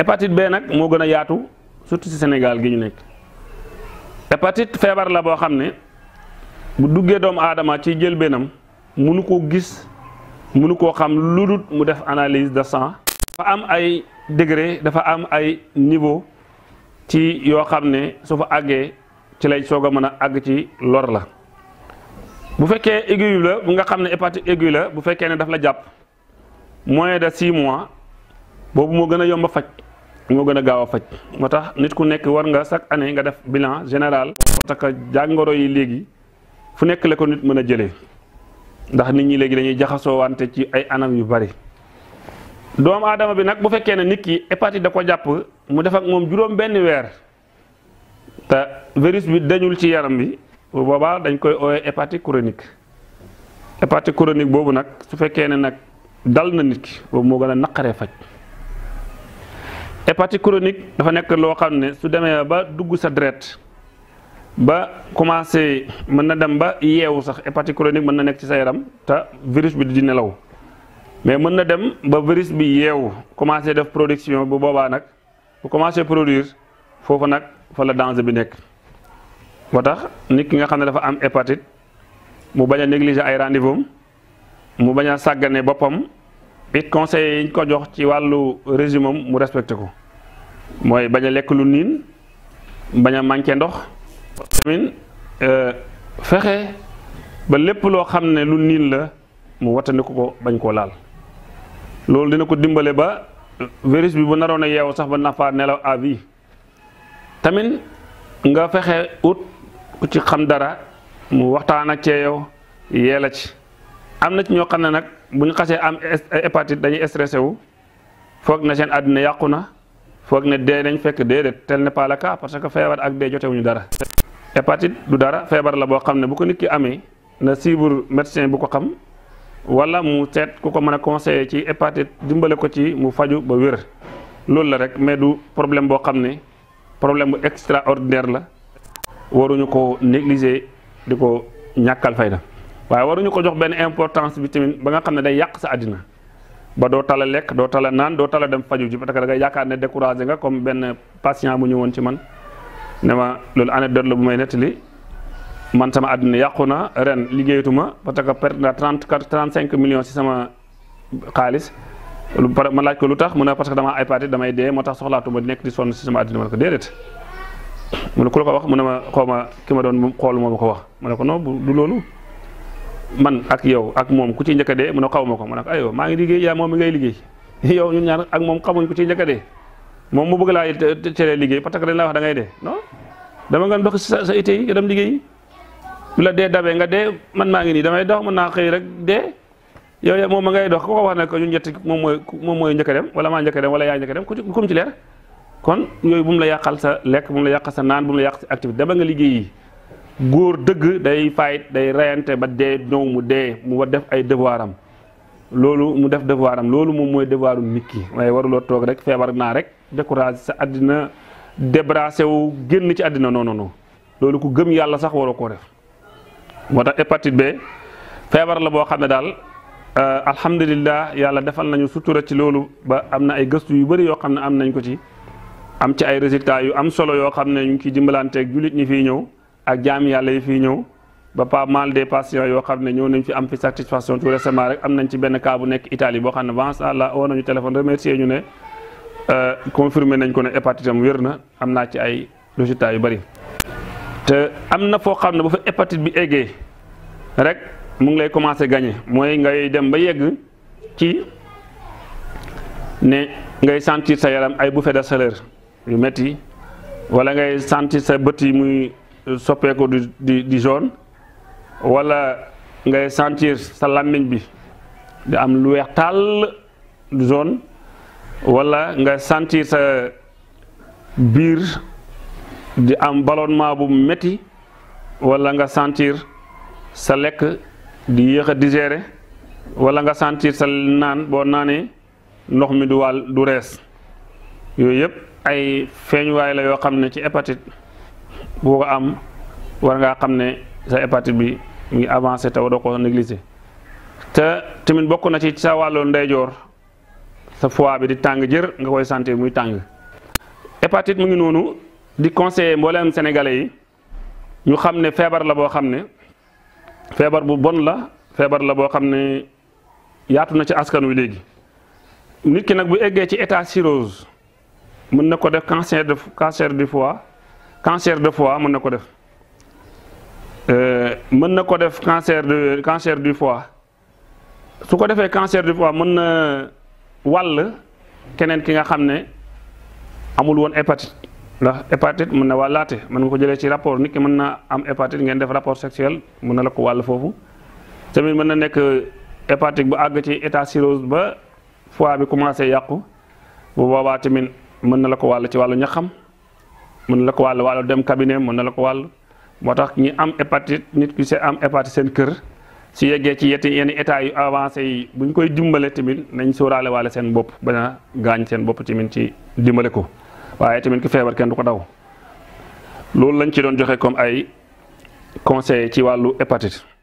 hépatite B nag moo gën a yaatu surtout ci Sénégal gi ñu nekk hépatite feebar la boo xam ne bu duggee doomu aadama ci jël njëlbéenam mënu koo gis mënu koo xam lu dul mu def analyse de sang dafa am ay degré dafa am ay niveau ci yoo xam ne su fa àggee ci lay soog a mën a àgg ci lor la bu fekkee aiguë la bu nga xam ne hépatite aiguë la bu fekkee ne daf la jàpp moins de six mois boobu moo gën a yomba faj ñoo gën a gaaw a faj moo tax nit ku nekk war nga chaque année nga def bilan général parce que jàngoro yi léegi fu nekk la ko nit mën a jëlee ndax nit ñi léegi dañuy jaxasoo wante ci ay anam yu bari doomu aadama bi nag bu fekkee ne nit ki hépatite da ko jàpp mu def ak moom juróom benn weer te virus bi dañul ci yaram bi bu boobaa dañ koy ooyee hépatite chronique hépatite chronique boobu nag su fekkee ne nag dal na nit ki boobu moo gën a naqaree faj hépatite chronique dafa nekk loo xam ne su demee ba dugg sa deret ba commencé mën na dem ba yeewu sax hépatite chronique mën na nekk ci sa yaram te virus bi di nelaw mais mën na dem ba virus bi yeewu commencé def production bu boobaa nag bu commencé produire foofu nag fa la danger bi nekk. moo tax nit ki nga xam ne dafa am hépatite mu bañ a négliger ay rendez mu bañ a sàggane boppam it conseil yi ñu ko jox ci wàllu régime am mu respecté ko. mooy bañ a lekk lu niin bañ a manqué ndox tamit euh, fexe ba lépp loo xam ne lu niin la mu wattandiku ko bañ koo laal loolu dina ko dimbale ba virus bi bu naroon a yeewu sax ba nafa nelaw à vie tamit nga fexe ut ku ci xam dara mu waxtaan ak cee yow yee la ci am na ci ñoo xam ne nag bu ñu xasee am hépatite dañuy stressé wu foog na seen àddina yàqu na foog ne dee nañ fekk déedéet tel n'est pas le cas parce que feebar ak dee jotewuñu dara. hépatite du dara feebar la boo xam ne bu ko nit ki amee na siibur médecin bu ko xam wala mu seet ku ko mën a conseiller ci hépatite dimbale ko ci mu faju ba wér loolu la rek mais du problème boo xam ne problème bu extraordinaire la waruñu ko négliger di ko ñàkkal fay na waaye waruñu ko jox benn importance bi tamit ba nga xam ne day yàq sa àddina ba doo tala lekk doo tala naan doo tala dem faju ji parce que da nga yaakaar ne découragé nga comme benn patient bu ñëwoon ci man ne ma loolu anecdote la bu may nettali man sama àdduna yàqu na ren liggéeyatuma parce que perte na trente quatre trente cinq million si sama xaalis lu pare ma ko lu tax mun ne parce que ay parti damay dee moo tax soxlaatuma nekk di sonn si sama àdduna ma ne ko déedéet mu ne ku la ko wax mu ne ma xaw ma ki ma doon xool moo ma ko wax ma ne ko non du loolu. man ak yow ak moom ku ci njëkk a dee mun ne xaw ma ko mu ne ko maa ngi liggéey yaa moom mi ngay liggéey yow moom xamuñ ku ci moom mu bëgg laa eh, liggéey parce que dañ ngay dee non dama nga dox liggéey bu la dee dabee nga dee man maa ngi nii damay dox ma naa xëy rek dee yow ya moom ma ngay dox ku ko wax ne ko ñun ñett moom mooy moom mooy dem wala maa njëkk dem wala yaa njëkk a dem ku ci kum ci leer kon yooyu bu la yàqal sa lekk bu mu la yàqal sa naan bu mu la yàq sa dama nga liggéey góor dëgg day fayit day reyante ba dee ñëw mu dee mu def ay devoir am loolu mu def devoir loolu moom mooy devoiru nit ki waaye waruloo toog rek feebar naa rek découragé sa àddina débrassé wu génn ci àddina non non loolu ku gëm yàlla sax waroo koo def moo tax hépatite B feebar la boo xam ne daal euh, alhamdulillah yàlla defal nañu sutura ci loolu ba am na ay gëstu yu bëri yoo xam ne am nañ ko ci am ci ay résultats yu am solo yoo xam ne ñu ngi ciy dimbalanteeg jullit ñi fiy ñëw ak jaam yàlla yi fii ñëw ba pas mal des patients yoo xam ne ñëw nañ fi am fi satisfaction tout récemment rek am nañ ci benn cas bu nekk Italie boo xam ne vence àlla woo nañu téléphone remercier ñu ne euh, confirmé nañ ko ne hépatite am wér na am naa ci ay résultats yu bëri te am na foo xam ne bu fa hépatite bi eggee rek mu ngi lay commencé gagné mooy ngay dem ba yegg ci ne ngay sentir sa yaram ay bouffées de chaleur yu métti wala ngay sentir sa bët yi muy soppeeku di di jaune wala ngay sentir sa làmmiñ bi di am lu weex tàll du jaune wala nga sentir sa biir di am ballonnement bu metti wala nga sentir sa lekk di yéex a digérer wala nga sentir sa naan boo naanee ndox mi du wàll du rees yooyu yëpp ay feeñuwaay la yoo xam ne ci hépatite boo ko am war ngaa xam ne sa hépatite bi ngi avancé te waroo ko négliger te tamit bokk na ci ci sa wàllu ndeyjoor sa fois bi di tàng jër nga koy sentir muy tàng hépatite mu ngi noonu di conseiller mbooleem sénégalais yi ñu xam ne feebar la boo xam ne feebar bu bon la feebar la boo xam ne yaatu na ci askanu wi léegi nit ki nag bu eggee ci état cirrhose mën na ko def cancer de cancer du fois cancer de fois mën na ko def euh, mën na ko def cancer de cancer du fois su ko defee cancer du foie mën na wàll keneen ki nga xam ne amul woon hépatite ndax hépatite mën na wàllaate mën nga ko jëlee ci rapport nit ki mën na am hépatite ngeen def rapport sexuel mën na la ko wàll foofu tamit mën na nekk hépatique bu àgg ci état cirrhose ba fois bi commencé yàqu bu boobaa tamit mën na la ko wàll ci wàllu ñaxam mën na la ko wàll wàllu dem cabinet mën na la ko wàll moo tax ñi am hépatite nit ki seen am hépatite seen kër su yeggee ci yetti yenn état yu avancé yi bu ñu koy dimbale tamit nañ sóoraale waale seen bopp bañ a gaañ seen bopp tamit ci dimbale ko waaye tamit ku feebar kenn du ko daw loolu lañ ci doon joxe comme ay conseil ci wàllu hépatite.